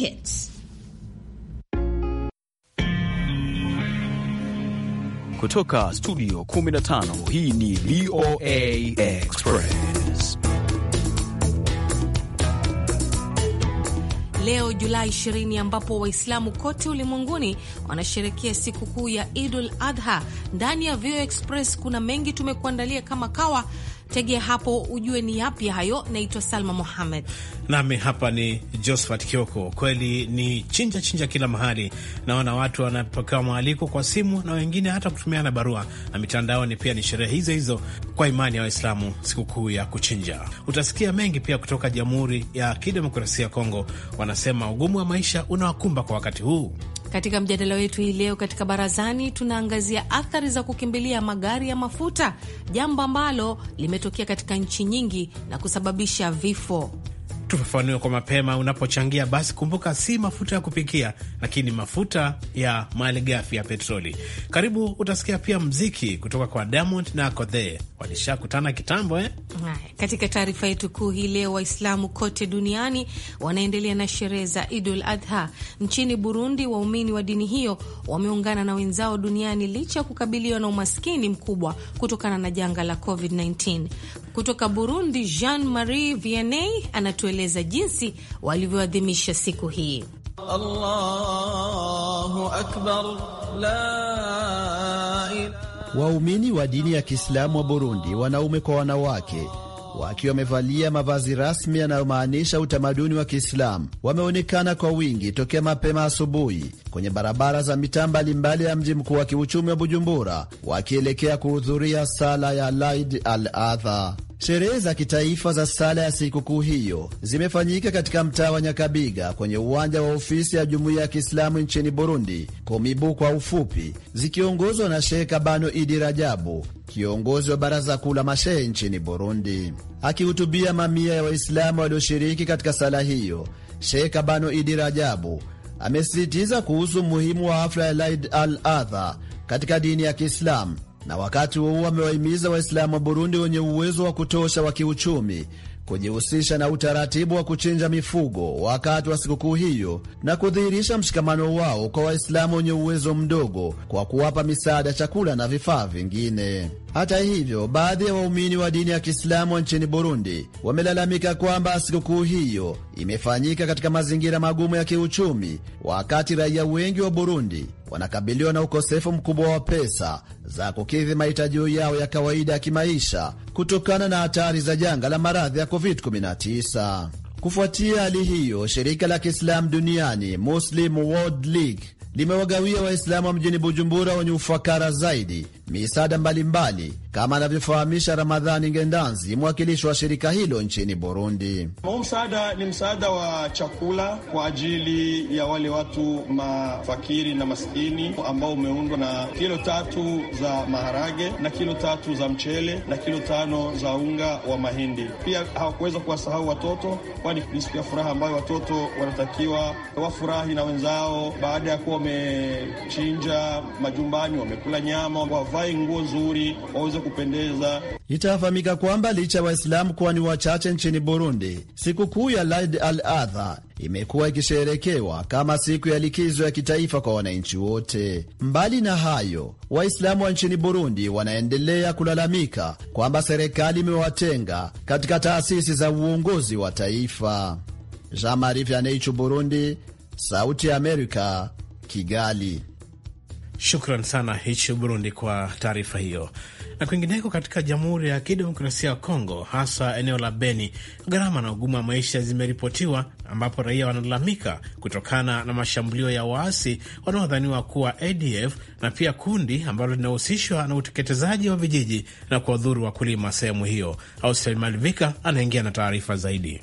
Hits. Kutoka studio 15 hii ni VOA Express. Leo Julai 20 ambapo Waislamu kote ulimwenguni wanasherekea siku kuu ya Idul Adha. Ndani ya VOA Express kuna mengi tumekuandalia kama kawa tegea hapo ujue ni yapi hayo. Naitwa Salma Muhamed nami hapa ni Josephat Kioko. Kweli ni chinja chinja kila mahali, naona watu wanapokewa mwaliko kwa simu na wengine hata kutumiana barua na mitandaoni. Pia ni sherehe hizo hizo kwa imani ya Waislamu, sikukuu ya kuchinja. Utasikia mengi pia kutoka Jamhuri ya Kidemokrasia ya Kongo, wanasema ugumu wa maisha unawakumba kwa wakati huu. Katika mjadala wetu hii leo katika barazani, tunaangazia athari za kukimbilia magari ya mafuta, jambo ambalo limetokea katika nchi nyingi na kusababisha vifo. Tufafanue kwa mapema unapochangia. Basi kumbuka, si mafuta ya kupikia, lakini mafuta ya malighafi ya petroli. Karibu, utasikia pia mziki kutoka kwa Diamond na Kodhee walishakutana kitambo eh? Katika taarifa yetu kuu hii leo, Waislamu kote duniani wanaendelea na sherehe za Idul Adha. Nchini Burundi, waumini wa dini hiyo wameungana na wenzao duniani licha ya kukabiliwa na umaskini mkubwa kutokana na janga la COVID-19. Kutoka Burundi, Jean Marie Vianney anatueleza jinsi walivyoadhimisha siku hii. Allahu akbar, la ilaha Waumini wa dini ya Kiislamu wa Burundi, wanaume kwa wanawake, wakiwa wamevalia mavazi rasmi yanayomaanisha utamaduni wa Kiislamu, wameonekana kwa wingi tokea mapema asubuhi kwenye barabara za mitaa mbalimbali ya mji mkuu wa kiuchumi wa Bujumbura, wakielekea kuhudhuria sala ya Laid al Adha. Sherehe za kitaifa za sala ya sikukuu hiyo zimefanyika katika mtaa wa Nyakabiga kwenye uwanja wa ofisi ya jumuiya ya Kiislamu nchini Burundi, Komibu kwa ufupi, zikiongozwa na Shehe Kabano Idi Rajabu, kiongozi wa baraza kuu la mashehe nchini Burundi. Akihutubia mamia ya Waislamu walioshiriki katika sala hiyo, Shehe Kabano Idi Rajabu amesisitiza kuhusu umuhimu wa hafla ya Laid al Adha katika dini ya Kiislamu na wakati huo amewahimiza Waislamu wa Burundi wenye uwezo wa kutosha wa kiuchumi kujihusisha na utaratibu wa kuchinja mifugo wakati wa sikukuu hiyo na kudhihirisha mshikamano wao kwa Waislamu wenye uwezo mdogo kwa kuwapa misaada, chakula na vifaa vingine. Hata hivyo, baadhi ya waumini wa dini ya Kiislamu nchini Burundi wamelalamika kwamba sikukuu hiyo imefanyika katika mazingira magumu ya kiuchumi, wakati raia wengi wa Burundi wanakabiliwa na ukosefu mkubwa wa pesa za kukidhi mahitaji yao ya kawaida ya kimaisha kutokana na hatari za janga la maradhi ya COVID-19. Kufuatia hali hiyo, shirika la Kiislamu duniani Muslim World League limewagawia Waislamu wa mjini Bujumbura wenye ufakara zaidi misaada mbalimbali, kama anavyofahamisha Ramadhani Ngendanzi, mwakilishi wa shirika hilo nchini Burundi. Huu msaada ni msaada wa chakula kwa ajili ya wale watu mafakiri na maskini ambao umeundwa na kilo tatu za maharage na kilo tatu za mchele na kilo tano za unga wa mahindi. Pia hawakuweza kuwasahau watoto, kwani ni siku ya furaha ambayo watoto wanatakiwa wafurahi na wenzao baada ya kuwa wamechinja majumbani, wamekula nyama wa wavae nguo nzuri waweze kupendeza. Itafahamika kwamba licha ya Waislamu kuwa ni wachache nchini Burundi, sikukuu ya laid al-Adha imekuwa ikisherekewa kama siku ya likizo ya kitaifa kwa wananchi wote. Mbali na hayo, Waislamu wa nchini Burundi wanaendelea kulalamika kwamba serikali imewatenga katika taasisi za uongozi wa taifa. Jean Marie Vianney, Burundi, Sauti ya Amerika, Kigali. Shukran sana hichi Burundi kwa taarifa hiyo. Na kwingineko katika Jamhuri ya Kidemokrasia ya Kongo, hasa eneo la Beni, gharama na ugumu wa maisha zimeripotiwa, ambapo raia wanalalamika kutokana na mashambulio ya waasi wanaodhaniwa kuwa ADF na pia kundi ambalo linahusishwa na uteketezaji wa vijiji na kuwadhuru wakulima sehemu hiyo. Austel Malivika anaingia na taarifa zaidi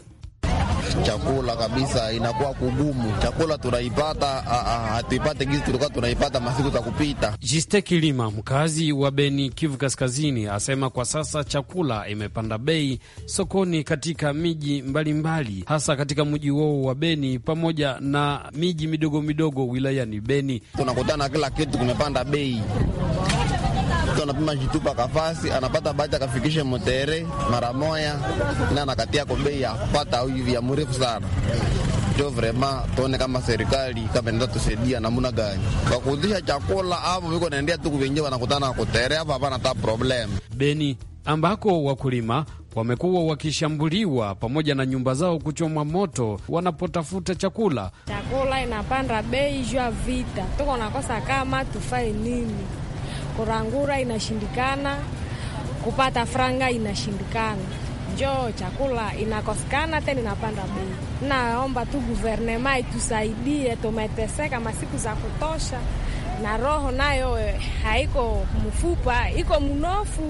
chakula kabisa inakuwa kugumu. Chakula tunaipata hatuipate gizi tulikuwa tunaipata masiku za kupita. Jiste Kilima, mkazi wa Beni, Kivu Kaskazini, asema kwa sasa chakula imepanda bei sokoni katika miji mbalimbali mbali, hasa katika mji wao wa Beni pamoja na miji midogo midogo wilayani Beni. Tunakutana kila kitu kimepanda bei mtu anapima kitupa kafasi, anapata bahati akafikishe motere mara moya, na anakatia kombei yapata au hivi ya mrefu sana jo vrema tuone kama serikali kama inaweza tusaidia namna gani kwa kuuzisha chakula au viko naendea tu kuvenje wanakutana kutere hapa hapana ta problem. Beni ambako wakulima wamekuwa wakishambuliwa pamoja na nyumba zao kuchomwa moto wanapotafuta chakula. Chakula inapanda bei juu ya vita, tuko nakosa kama tufai nini kurangura inashindikana, kupata franga inashindikana, njoo chakula inakosekana, tena inapanda bei. Naomba tu guvernema itusaidie, tumeteseka masiku za kutosha, na roho nayo haiko mfupa, iko mnofu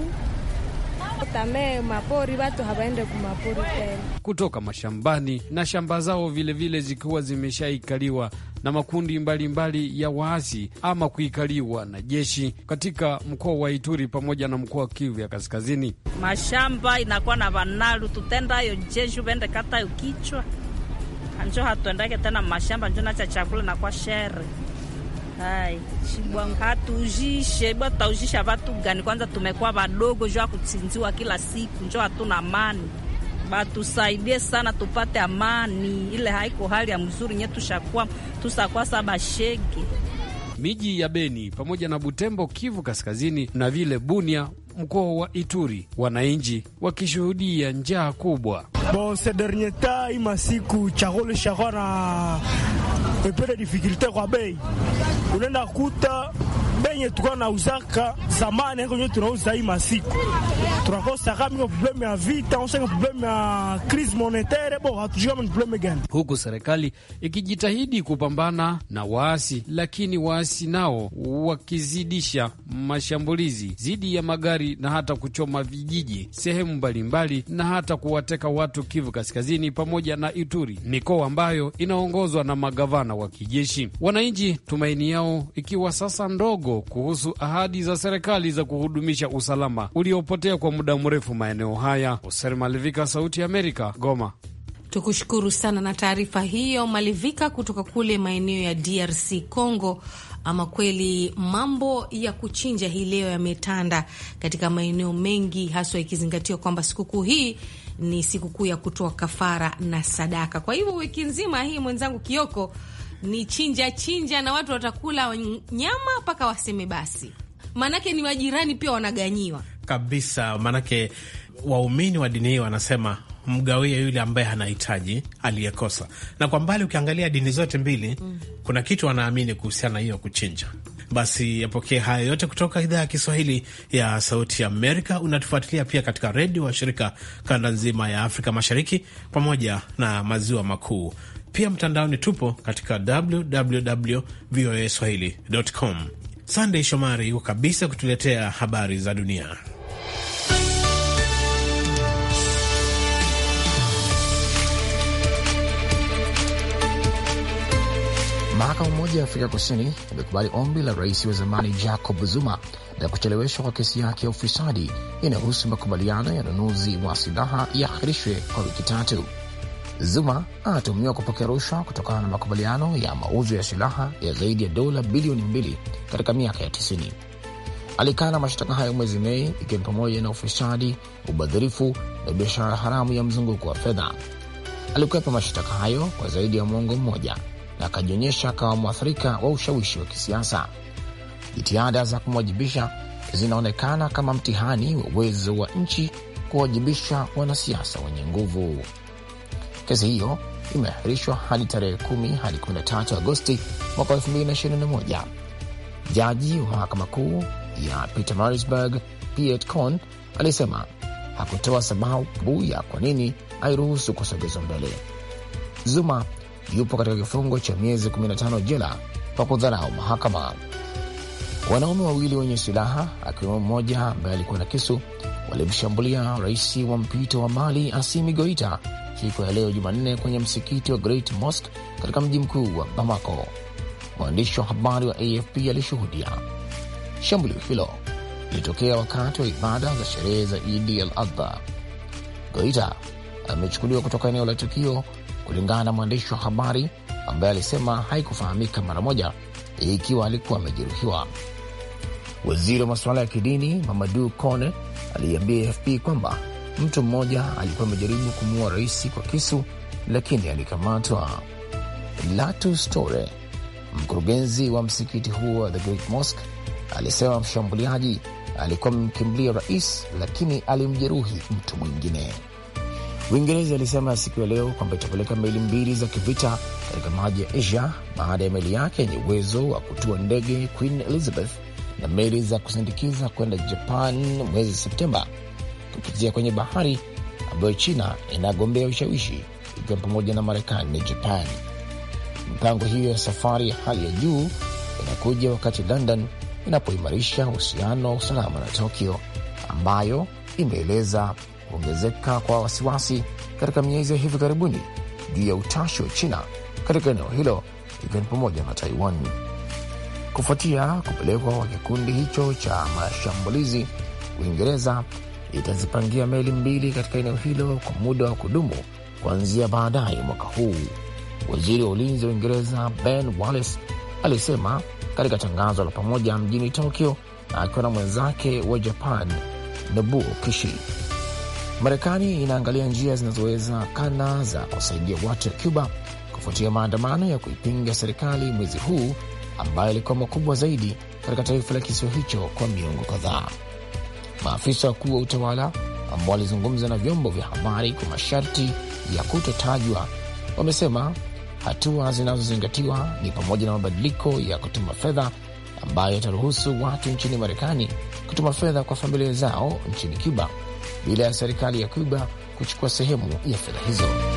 watamee mapori, watu hawaende kumapori tena kutoka mashambani na shamba zao vilevile zikiwa zimeshaikaliwa na makundi mbalimbali mbali ya waasi ama kuikaliwa na jeshi katika mkoa wa Ituri pamoja na mkoa wa Kivu ya Kaskazini. Mashamba inakuwa na vanalu tutendayo jeshi vende kata ukichwa anjo hatuendake tena mashamba njo nacha chakula nakwa shere Hai, shibwa hatujishe bwa taujisha vatu gani? Kwanza tumekuwa vadogo jua kuchinjiwa kila siku, njo hatuna amani. Batusaidie sana tupate amani, ile haiko hali ya mzuri nye tushakuwa tusakwasa bashege. Miji ya Beni pamoja na Butembo, Kivu Kaskazini na vile Bunia mkoa wa Ituri, wananchi wakishuhudia njaa kubwa. bon ces derniers temps ima siku chakula epele difikulite kwa bei, unaenda kuta bei tuka na uzaka zamani enkonye tunauza hii masiku tunakosa kama problemu ya vita au problemu ya crise monetaire, bo hatujui kama ni problemu gani, huku serikali ikijitahidi kupambana na waasi, lakini waasi nao wakizidisha mashambulizi dhidi ya magari na hata kuchoma vijiji sehemu mbalimbali na hata kuwateka watu Kivu Kaskazini pamoja na Ituri, mikoa ambayo inaongozwa na magavana wa kijeshi. Wananchi tumaini yao ikiwa sasa ndogo kuhusu ahadi za serikali za kuhudumisha usalama uliopotea kwa muda mrefu maeneo haya. Hoser Malivika, Sauti ya Amerika, Goma. Tukushukuru sana na taarifa hiyo Malivika kutoka kule maeneo ya DRC Congo. Ama kweli mambo ya kuchinja hii leo yametanda katika maeneo mengi, haswa ikizingatiwa kwamba sikukuu hii ni sikukuu ya kutoa kafara na sadaka. Kwa hivyo wiki nzima hii, mwenzangu Kioko, ni chinja chinja, na watu watakula nyama mpaka waseme basi, maanake ni majirani pia wanaganyiwa kabisa, maanake waumini wa dini hii wanasema mgawie yule ambaye anahitaji aliyekosa. Na kwa mbali ukiangalia dini zote mbili mm, kuna kitu wanaamini kuhusiana na hiyo kuchinja. Basi yapokee haya yote kutoka idhaa ya Kiswahili ya Sauti Amerika. Unatufuatilia pia katika redio wa shirika kanda nzima ya Afrika Mashariki pamoja na Maziwa Makuu. Pia mtandaoni tupo katika www voa swahili com. Sandey Shomari yuko kabisa kutuletea habari za dunia. Mahakama moja ya Afrika Kusini imekubali ombi la rais wa zamani Jacob Zuma la kucheleweshwa kwa kesi yake ya ufisadi inayohusu makubaliano ya ununuzi wa silaha yaahirishwe kwa wiki tatu. Zuma anatumiwa kupokea rushwa kutokana na makubaliano ya mauzo ya silaha ya zaidi ya dola bilioni mbili katika miaka ya tisini Alikana mashtaka hayo mwezi Mei, ikiwa ni pamoja na ufisadi, ubadhirifu na biashara haramu ya mzunguko wa fedha. Alikwepa mashtaka hayo kwa zaidi ya mwongo mmoja na akajionyesha kama mwathirika wa ushawishi wa kisiasa. Jitihada za kumwajibisha zinaonekana kama mtihani wa uwezo wa nchi kuwajibisha wanasiasa wenye nguvu. Kesi hiyo imeahirishwa hadi tarehe 10 hadi 13 Agosti mwaka 2021. Jaji wa mahakama kuu ya Pietermaritzburg Piet Kon alisema hakutoa sababu ya kwa nini airuhusu kusogezwa mbele. Zuma yupo katika kifungo cha miezi 15 jela kwa kudharau mahakama. Wanaume wawili wenye silaha akiwemo mmoja ambaye alikuwa na kisu walimshambulia rais wa mpito wa Mali Asimi Goita siku ya leo Jumanne kwenye msikiti wa Great Mosque katika mji mkuu wa Bamako. Mwandishi wa habari wa AFP alishuhudia shambulio hilo lilitokea wakati wa ibada za sherehe za Idi al Adha. Goita amechukuliwa kutoka eneo la tukio kulingana na mwandishi wa habari ambaye alisema haikufahamika mara moja ikiwa alikuwa amejeruhiwa. Waziri wa masuala ya kidini Mamadu Kone aliambia AFP kwamba mtu mmoja alikuwa amejaribu kumuua rais kwa kisu lakini alikamatwa. Latu Store, mkurugenzi wa msikiti huo wa The Great Mosque, alisema mshambuliaji alikuwa amemkimbilia rais, lakini alimjeruhi mtu mwingine. Uingereza ilisema siku ya leo kwamba itapeleka meli mbili za kivita katika maji ya Asia baada ya meli yake yenye uwezo wa kutua ndege Queen Elizabeth na meli za kusindikiza kwenda Japan mwezi Septemba kupitia kwenye bahari ambayo China inagombea ushawishi ikiwa pamoja na Marekani na Japan. Mipango hiyo ya safari ya hali ya juu inakuja wakati London inapoimarisha uhusiano wa usalama na Tokyo ambayo imeeleza kuongezeka kwa wasiwasi katika miezi ya hivi karibuni juu ya utashi wa China katika eneo hilo ikiwa ni pamoja na Taiwan kufuatia kupelekwa kwa kikundi hicho cha mashambulizi. Uingereza itazipangia meli mbili katika eneo hilo kwa muda wa kudumu kuanzia baadaye mwaka huu. Waziri wa ulinzi wa Uingereza Ben Wallace alisema katika tangazo la pamoja mjini Tokyo akiwa na mwenzake wa Japan Nobuo Kishi. Marekani inaangalia njia zinazowezekana za kusaidia watu wa Cuba kufuatia maandamano ya kuipinga serikali mwezi huu ambayo ilikuwa makubwa zaidi katika taifa la kisiwa hicho kwa miongo kadhaa. Maafisa wakuu wa utawala ambao walizungumza na vyombo vya habari kwa masharti ya kutotajwa wamesema hatua zinazozingatiwa ni pamoja na mabadiliko ya kutuma fedha ambayo yataruhusu watu nchini Marekani kutuma fedha kwa familia zao nchini Cuba bila ya serikali ya Cuba kuchukua sehemu ya fedha hizo.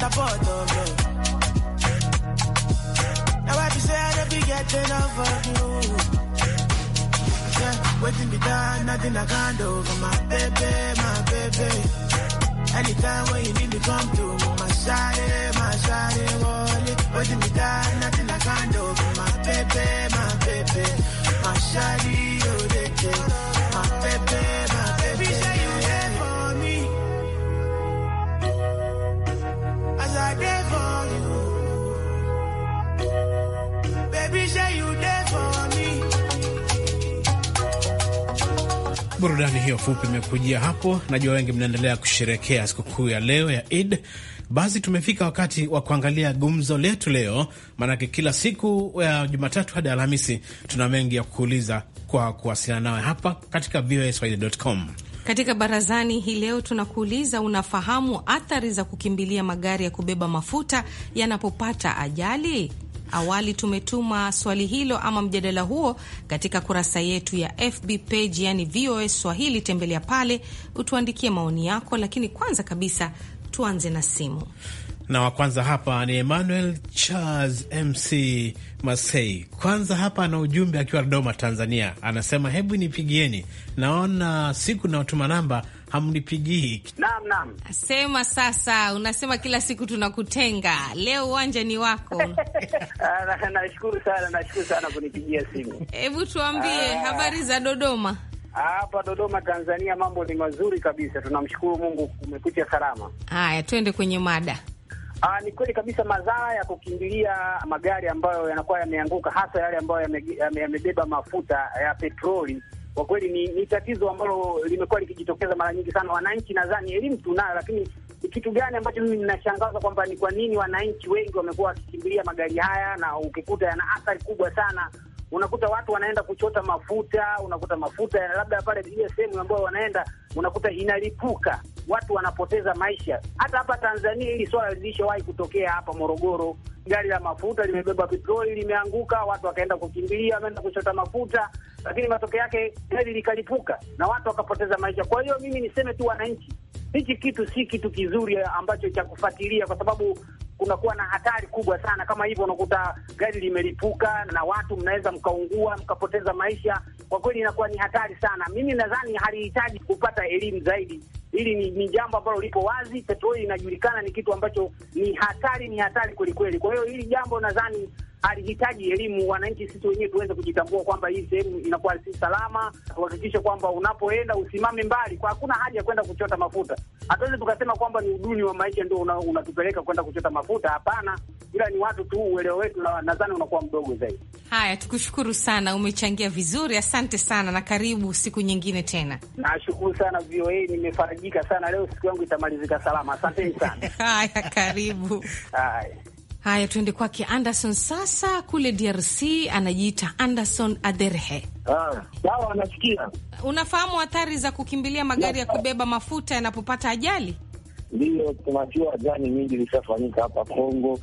catapult of love. Now I be say I don't be getting over you. Yeah, waiting be done, nothing I can't do for my baby, my baby. Anytime when you need me, come to my side, my side, wallet. Waiting be done, nothing I can't do for my baby, my baby. My shawty, oh, they my baby. Burudani hiyo fupi imekujia hapo. Najua wengi mnaendelea kusherekea sikukuu ya leo ya Id. Basi tumefika wakati wa kuangalia gumzo letu leo, maanake kila siku ya Jumatatu hadi Alhamisi tuna mengi ya kuuliza kwa kuwasiliana nawe hapa katika voaswahili.com. Katika barazani hii leo tunakuuliza, unafahamu athari za kukimbilia magari ya kubeba mafuta yanapopata ajali? Awali tumetuma swali hilo ama mjadala huo katika kurasa yetu ya FB page, yani VOA Swahili. Tembelea pale utuandikie maoni yako, lakini kwanza kabisa tuanze na simu na wa kwanza hapa ni Emmanuel Charles Mc Masei. Kwanza hapa ana ujumbe akiwa Dodoma, Tanzania, anasema hebu nipigieni, naona siku naotuma namba hamnipigii. Naam, naam. Sema sasa, unasema kila siku tunakutenga, leo uwanja ni wako. Ah, nashukuru sana, nashukuru sana kunipigia simu. Hebu tuambie ah. habari za Dodoma. Hapa Dodoma Tanzania mambo ni mazuri kabisa, tunamshukuru Mungu, kumekucha salama. Haya, twende kwenye mada. Aa, ah, ni kweli kabisa madhara ya kukimbilia magari ambayo yanakuwa yameanguka, hasa yale ambayo yamebeba yame, yame mafuta ya petroli kwa kweli ni, ni tatizo ambalo limekuwa likijitokeza mara nyingi sana. Wananchi nadhani elimu tunayo, lakini ni kitu gani ambacho mimi ninashangaza kwamba ni kwa nini wananchi wengi wamekuwa wakikimbilia magari haya, na ukikuta yana athari kubwa sana. Unakuta watu wanaenda kuchota mafuta, unakuta mafuta labda pale ile sehemu ambayo wanaenda unakuta inalipuka watu wanapoteza maisha. Hata hapa Tanzania hili swala lilishawahi kutokea hapa Morogoro, gari la mafuta limebeba petroli limeanguka, watu wakaenda kukimbilia, wameenda kuchota mafuta, lakini matokeo yake gari likalipuka na watu wakapoteza maisha. Kwa hiyo mimi niseme tu, wananchi, hichi kitu si kitu kizuri ambacho cha kufuatilia, kwa sababu kunakuwa na hatari kubwa sana. Kama hivyo, unakuta gari limelipuka na watu mnaweza mkaungua mkapoteza maisha. Kwa kweli inakuwa ni hatari sana. Mimi nadhani halihitaji kupata elimu zaidi, Hili ni, ni jambo ambalo lipo wazi, petroli inajulikana ni kitu ambacho ni hatari, ni hatari kwelikweli. Kwa hiyo hili jambo nadhani alihitaji elimu wananchi, sisi wenyewe tuweze kujitambua kwamba hii sehemu inakuwa si salama. Tuhakikishe kwamba unapoenda usimame mbali, kwa hakuna haja ya kwenda kuchota mafuta. Hatuwezi tukasema kwamba ni uduni wa maisha ndio unatupeleka una kwenda kuchota mafuta. Hapana, ila ni watu tu, uelewa wetu nadhani unakuwa mdogo zaidi. Haya, tukushukuru sana, umechangia vizuri, asante sana na karibu siku nyingine tena. Nashukuru sana VOA, nimefarajika sana leo, siku yangu itamalizika salama. Asanteni sana. Haya, karibu. Haya. Haya, tuende kwake Anderson sasa, kule DRC anajiita Anderson Aderhe. Ah, sawa, nasikia. Unafahamu hatari za kukimbilia magari ya kubeba mafuta yanapopata ajali? Ndiyo, tunajua ajali nyingi zishafanyika hapa Kongo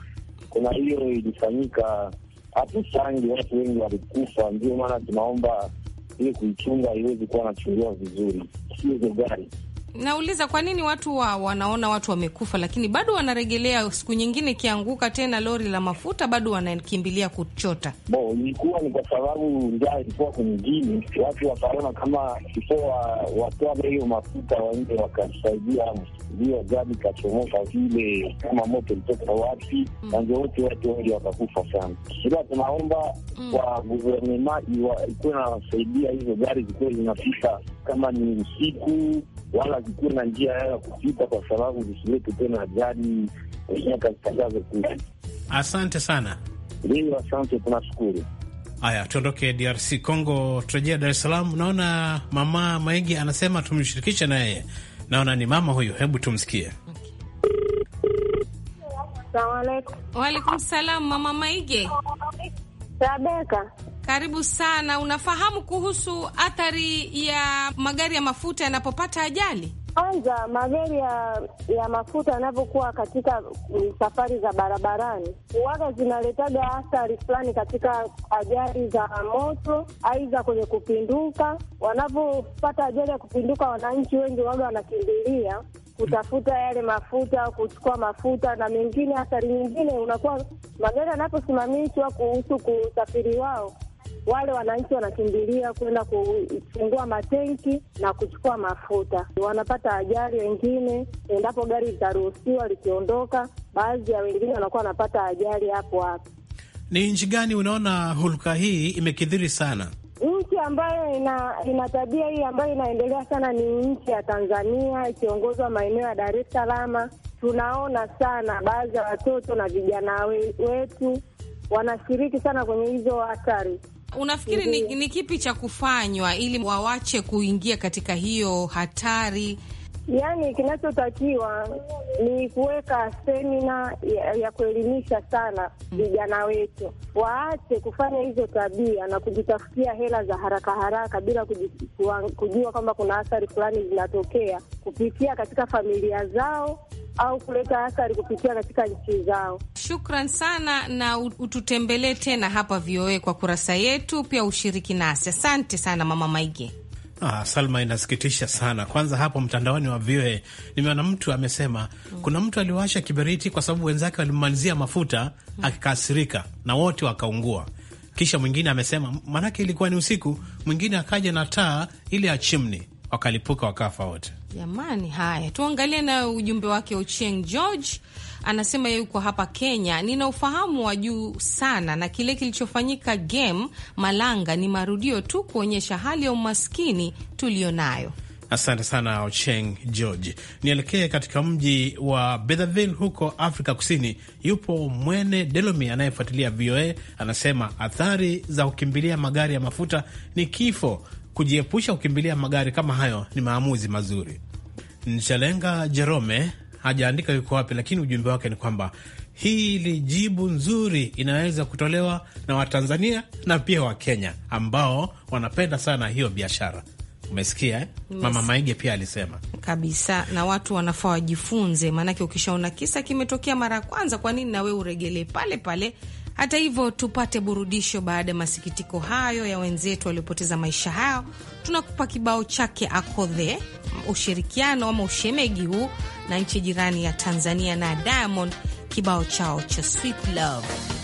na hiyo ilifanyika, hatusangi, watu wengi walikufa. Ndio maana tunaomba ili kuichunga iwezi kuwa nachungiwa vizuri, sio hizo gari nauliza kwa nini watu wa, wanaona watu wamekufa, lakini bado wanaregelea. Siku nyingine ikianguka tena lori la mafuta, bado wanakimbilia kuchota. Bo, ilikuwa ni kwa sababu njaa ilikuwa kumjini, watu wakaona kama ipoa watwale hiyo mafuta waende wakasaidia, ndio gari ikachomoka vile kama moto litoka wapi, mm. na ndio wote watu wengi wakakufa sana. Ila tunaomba mm. kwa guvernema ikuwe nawasaidia hizo gari zikuwe zinapita kama ni usiku wala zikuwe na njia ya kupita, kwa sababu zisilete tena ajali miaka kuu. Asante sana. Ndio, asante, tunashukuru. Haya, tuondoke DRC Congo, turejea Dar es Salaam. Naona mama Maigi anasema tumshirikishe naye, naona ni mama huyu, hebu tumsikie. Waalaikum salam, mama Maige karibu sana. Unafahamu kuhusu athari ya magari ya mafuta yanapopata ajali? Kwanza, magari ya, ya mafuta yanapokuwa katika mm, safari za barabarani huwaga zinaletaga athari fulani katika ajali za moto, aidha kwenye kupinduka. Wanapopata ajali ya kupinduka, wananchi wengi waga wanakimbilia kutafuta yale mafuta, kuchukua mafuta na mengine. Athari nyingine unakuwa magari yanaposimamishwa kuhusu kusafiri wao wale wananchi wanakimbilia kwenda kufungua matenki na kuchukua mafuta, wanapata ajali wengine, endapo gari litaruhusiwa likiondoka, baadhi ya wengine wanakuwa wanapata ajali hapo hapo. Ni nchi gani unaona hulka hii imekithiri sana? Nchi ambayo ina ina tabia hii ambayo inaendelea sana ni nchi ya Tanzania, ikiongozwa maeneo ya Dar es Salaam. Tunaona sana baadhi ya watoto na vijana wetu wanashiriki sana kwenye hizo hatari. Unafikiri ni, ni kipi cha kufanywa ili wawache kuingia katika hiyo hatari? Yaani, kinachotakiwa ni kuweka semina ya, ya kuelimisha sana hmm. vijana wetu waache kufanya hizo tabia na kujitafutia hela za haraka haraka bila kujua kwamba kuna athari fulani zinatokea kupitia katika familia zao au kuleta athari kupitia katika nchi zao shukran sana, na ututembelee tena hapa VOA kwa kurasa yetu, pia ushiriki nasi. Asante sana mama Maige. Ah, Salma, inasikitisha sana. Kwanza hapo mtandaoni wa VOA nimeona mtu amesema kuna mtu aliwasha kiberiti kwa sababu wenzake walimmalizia mafuta, akikasirika na wote wakaungua. Kisha mwingine amesema maanake ilikuwa ni usiku. Mwingine akaja na taa ile ya chimni, wakalipuka wakafa wote. Jamani, haya tuangalie nayo ujumbe wake Ochieng George anasema yeye yuko hapa Kenya, nina ufahamu wa juu sana na kile kilichofanyika game Malanga ni marudio tu kuonyesha hali ya umaskini tuliyonayo. Asante sana Ocheng George. Nielekee katika mji wa Betheville huko Afrika Kusini. Yupo Mwene Delomi anayefuatilia VOA, anasema athari za kukimbilia magari ya mafuta ni kifo. Kujiepusha kukimbilia magari kama hayo ni maamuzi mazuri. Nchalenga Jerome hajaandika yuko wapi, lakini ujumbe wake ni kwamba hili jibu nzuri inaweza kutolewa na Watanzania na pia Wakenya ambao wanapenda sana hiyo biashara. Umesikia eh? Mama Maige pia alisema kabisa, na watu wanafaa wajifunze, maanake ukishaona kisa kimetokea mara ya kwanza, kwa nini na we uregelee pale pale hata hivyo, tupate burudisho baada ya masikitiko hayo ya wenzetu waliopoteza maisha hayo. Tunakupa kibao chake Akodhe, ushirikiano ama ushemegi huu na nchi jirani ya Tanzania na Diamond, kibao chao cha Sweet Love.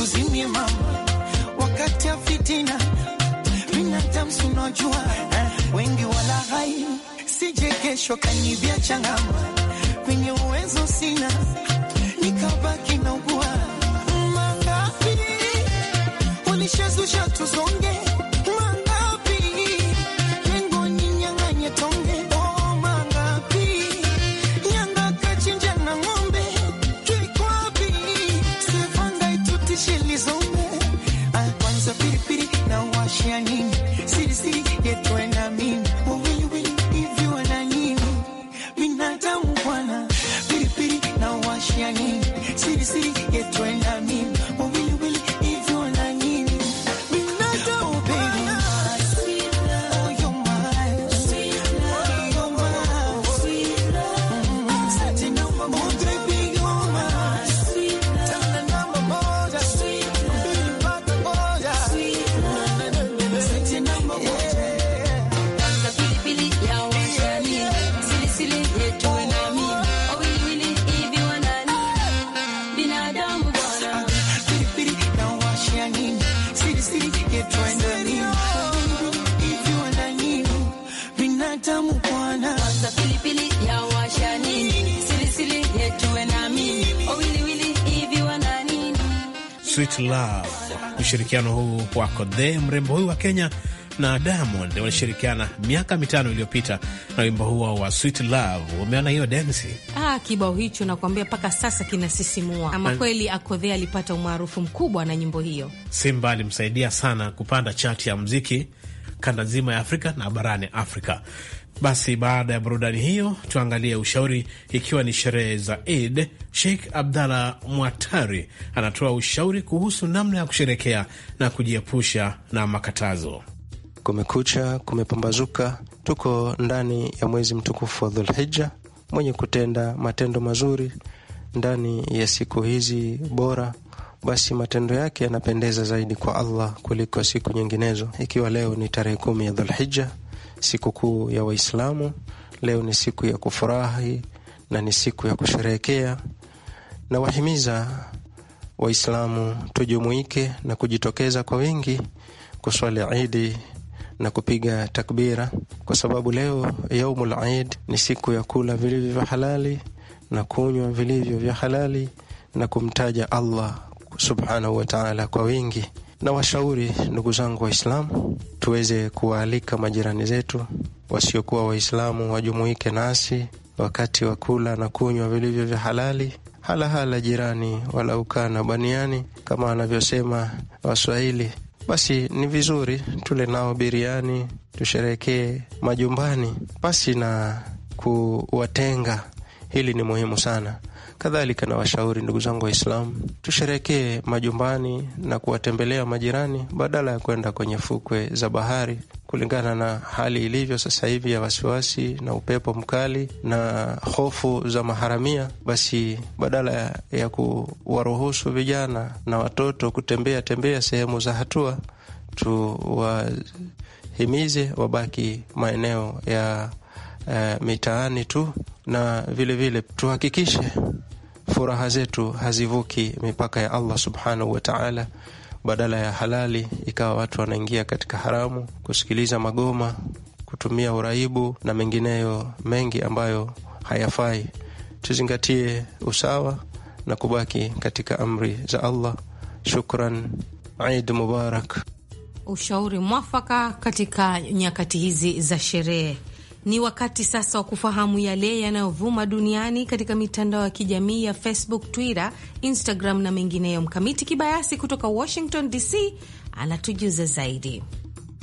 tuzimie mama, wakati ya fitina binadamu, sunajua eh, wengi wala hai, sije kesho kanibia changama ushirikiano huu wako the mrembo huyu wa Kenya na Diamond walishirikiana miaka mitano iliyopita na wimbo huo wa Sweet Love. Umeona hiyo densi? Ah, kibao hicho nakuambia mpaka sasa kinasisimua. Ama kweli Akodhe alipata umaarufu mkubwa na nyimbo hiyo. Simba alimsaidia sana kupanda chati ya mziki kanda nzima ya Afrika na barani Afrika. Basi baada ya burudani hiyo, tuangalie ushauri. Ikiwa ni sherehe za Eid, Sheikh Abdallah Mwatari anatoa ushauri kuhusu namna ya kusherekea na kujiepusha na makatazo. Kumekucha, kumepambazuka, tuko ndani ya mwezi mtukufu wa Dhulhija. Mwenye kutenda matendo mazuri ndani ya siku hizi bora, basi matendo yake yanapendeza zaidi kwa Allah kuliko siku nyinginezo. Ikiwa leo ni tarehe kumi ya Dhulhija, sikukuu ya Waislamu. Leo ni siku ya kufurahi na ni siku ya kusherehekea. Nawahimiza Waislamu tujumuike na kujitokeza kwa wingi kuswali Idi na kupiga takbira, kwa sababu leo yaumul id ni siku ya kula vilivyo vya halali na kunywa vilivyo vya halali na kumtaja Allah subhanahu wa taala kwa wingi. Na washauri ndugu zangu Waislamu, tuweze kuwaalika majirani zetu wasiokuwa Waislamu wajumuike nasi wakati wa kula na kunywa vilivyo vya halali hala hala jirani wala ukana baniani, kama wanavyosema Waswahili. Basi ni vizuri tule nao biriani, tusherekee majumbani pasi na kuwatenga. Hili ni muhimu sana. Kadhalika na washauri ndugu zangu Waislamu, tusherekee majumbani na kuwatembelea majirani badala ya kwenda kwenye fukwe za bahari, kulingana na hali ilivyo sasa hivi ya wasiwasi na upepo mkali na hofu za maharamia. Basi badala ya kuwaruhusu vijana na watoto kutembea tembea sehemu za hatua, tuwahimize wabaki maeneo ya eh, mitaani tu na vilevile vile, tuhakikishe furaha zetu hazivuki mipaka ya Allah subhanahu wa ta'ala. Badala ya halali ikawa watu wanaingia katika haramu, kusikiliza magoma, kutumia uraibu na mengineyo mengi ambayo hayafai. Tuzingatie usawa na kubaki katika amri za Allah. Shukran, Eid Mubarak. Ushauri mwafaka katika nyakati hizi za sherehe. Ni wakati sasa wa kufahamu yale yanayovuma duniani katika mitandao ya kijamii ya Facebook, Twitter, Instagram na mengineyo. Mkamiti Kibayasi kutoka Washington DC anatujuza zaidi.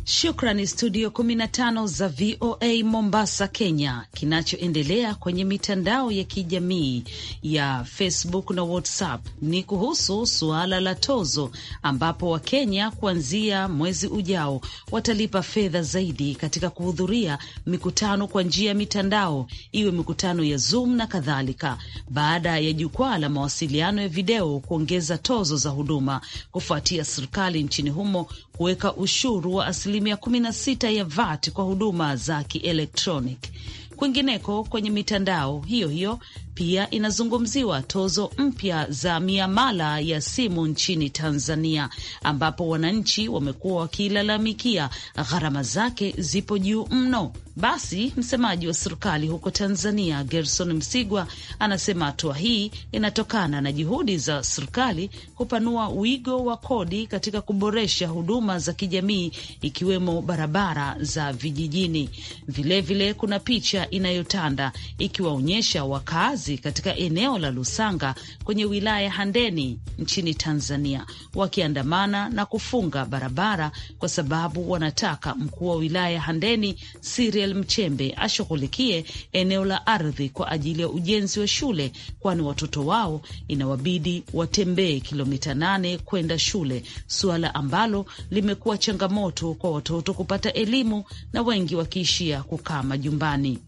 Shukrani studio 15 za VOA Mombasa, Kenya. Kinachoendelea kwenye mitandao ya kijamii ya Facebook na WhatsApp ni kuhusu suala la tozo, ambapo Wakenya kuanzia mwezi ujao watalipa fedha zaidi katika kuhudhuria mikutano kwa njia ya mitandao, iwe mikutano ya Zoom na kadhalika, baada ya jukwaa la mawasiliano ya video kuongeza tozo za huduma kufuatia serikali nchini humo kuweka ushuru wa asilimia 16 ya VAT kwa huduma za kielektroniki. Kwingineko kwenye mitandao hiyo hiyo, pia inazungumziwa tozo mpya za miamala ya simu nchini Tanzania, ambapo wananchi wamekuwa wakilalamikia gharama zake zipo juu mno. Basi msemaji wa serikali huko Tanzania, Gerson Msigwa, anasema hatua hii inatokana na juhudi za serikali kupanua wigo wa kodi katika kuboresha huduma za kijamii ikiwemo barabara za vijijini. Vilevile vile kuna picha inayotanda ikiwaonyesha wakazi wakazi katika eneo la Lusanga kwenye wilaya ya Handeni nchini Tanzania wakiandamana na kufunga barabara kwa sababu wanataka mkuu wa wilaya ya Handeni siriel Mchembe ashughulikie eneo la ardhi kwa ajili ya ujenzi wa shule, kwani watoto wao inawabidi watembee kilomita nane kwenda shule, suala ambalo limekuwa changamoto kwa watoto kupata elimu na wengi wakiishia kukaa majumbani.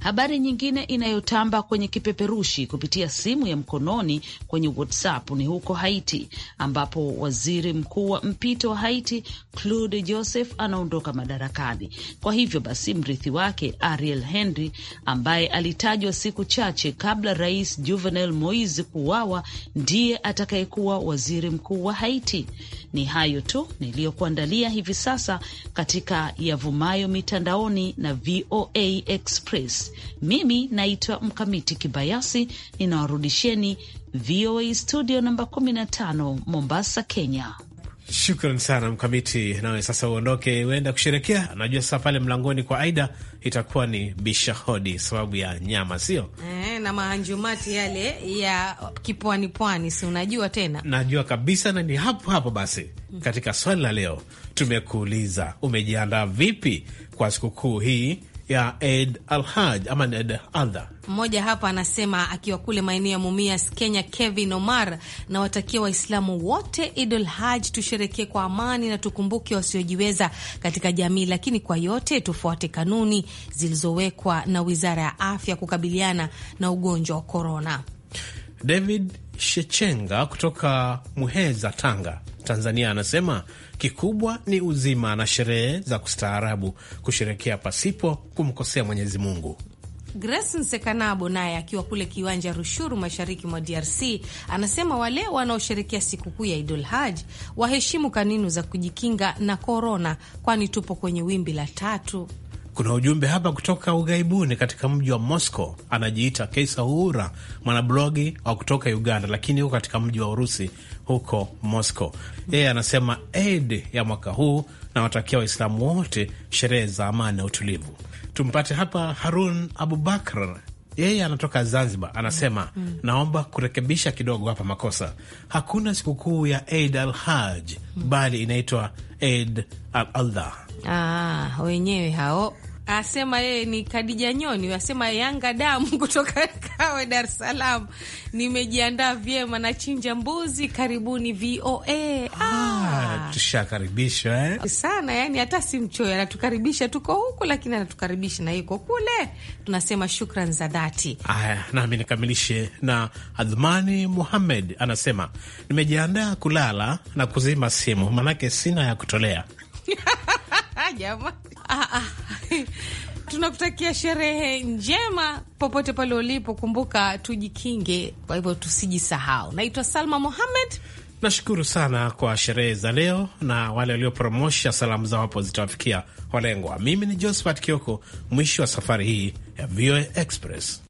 Habari nyingine inayotamba kwenye kipeperushi kupitia simu ya mkononi kwenye WhatsApp ni huko Haiti, ambapo waziri mkuu wa mpito wa Haiti Claude Joseph anaondoka madarakani. Kwa hivyo basi, mrithi wake Ariel Henry ambaye alitajwa siku chache kabla Rais Juvenel Moise kuuawa ndiye atakayekuwa waziri mkuu wa Haiti. Ni hayo tu niliyokuandalia hivi sasa katika yavumayo mitandaoni na VOA Express. Mimi naitwa Mkamiti Kibayasi, ninawarudisheni VOA studio namba 15 Mombasa, Kenya. Shukran sana Mkamiti, nawe sasa uondoke uenda kusherekea. Najua sasa pale mlangoni kwa Aida itakuwa ni bishahodi sababu ya nyama, sio e, na maanjumati yale ya kipwani pwani, si unajua tena. Najua kabisa, na ni hapo hapo basi. Katika swali la leo tumekuuliza, umejiandaa vipi kwa sikukuu hii ya Ed Alhaj ama Eid adha Mmoja hapa anasema akiwa kule maeneo ya Mumias, Kenya, Kevin Omar, na watakia Waislamu wote ed al-Haj, tusherekee kwa amani na tukumbuke wasiojiweza katika jamii, lakini kwa yote tufuate kanuni zilizowekwa na Wizara ya Afya kukabiliana na ugonjwa wa korona. David Shechenga kutoka Muheza, Tanga, Tanzania anasema kikubwa ni uzima na sherehe za kustaarabu, kusherekea pasipo kumkosea Mwenyezi Mungu. Grace Nsekanabo naye akiwa kule kiwanja Rushuru, mashariki mwa DRC, anasema wale wanaosherekea sikukuu ya Idul Haj waheshimu kanuni za kujikinga na korona, kwani tupo kwenye wimbi la tatu. Kuna ujumbe hapa kutoka ughaibuni katika mji wa Moscow, anajiita Keisa Uhura, mwanablogi wa kutoka Uganda, lakini huko katika mji wa Urusi huko Moscow. Yeye anasema Eid ya mwaka huu nawatakia Waislamu wote sherehe za amani na utulivu. Tumpate hapa Harun Abubakar, yeye anatoka Zanzibar, anasema mm, naomba kurekebisha kidogo hapa makosa. Hakuna sikukuu ya Eid al Haj, mm, bali inaitwa Eid al Adha. Ah, wenyewe hao asema yeye ni Kadija Nyoni, asema Yanga damu kutoka Kawe, Dar es Salaam. Nimejiandaa vyema na chinja mbuzi. Karibuni VOA. Ah, ah, tushakaribishwa eh, sana yani, hata si mchoyo, anatukaribisha. Tuko huku lakini anatukaribisha na yuko kule, tunasema shukran za dhati. Aya, nami nikamilishe na Adhmani Muhamed anasema nimejiandaa kulala na kuzima simu, maanake sina ya kutolea Ah, ah. Tunakutakia sherehe njema popote pale ulipo. Kumbuka tujikinge, kwa hivyo tusijisahau. Naitwa Salma Mohamed. Nashukuru sana kwa sherehe za leo, na wale waliopromosha salamu zao hapo zitawafikia walengwa. Mimi ni Josephat Kioko, mwisho wa safari hii ya VOA Express.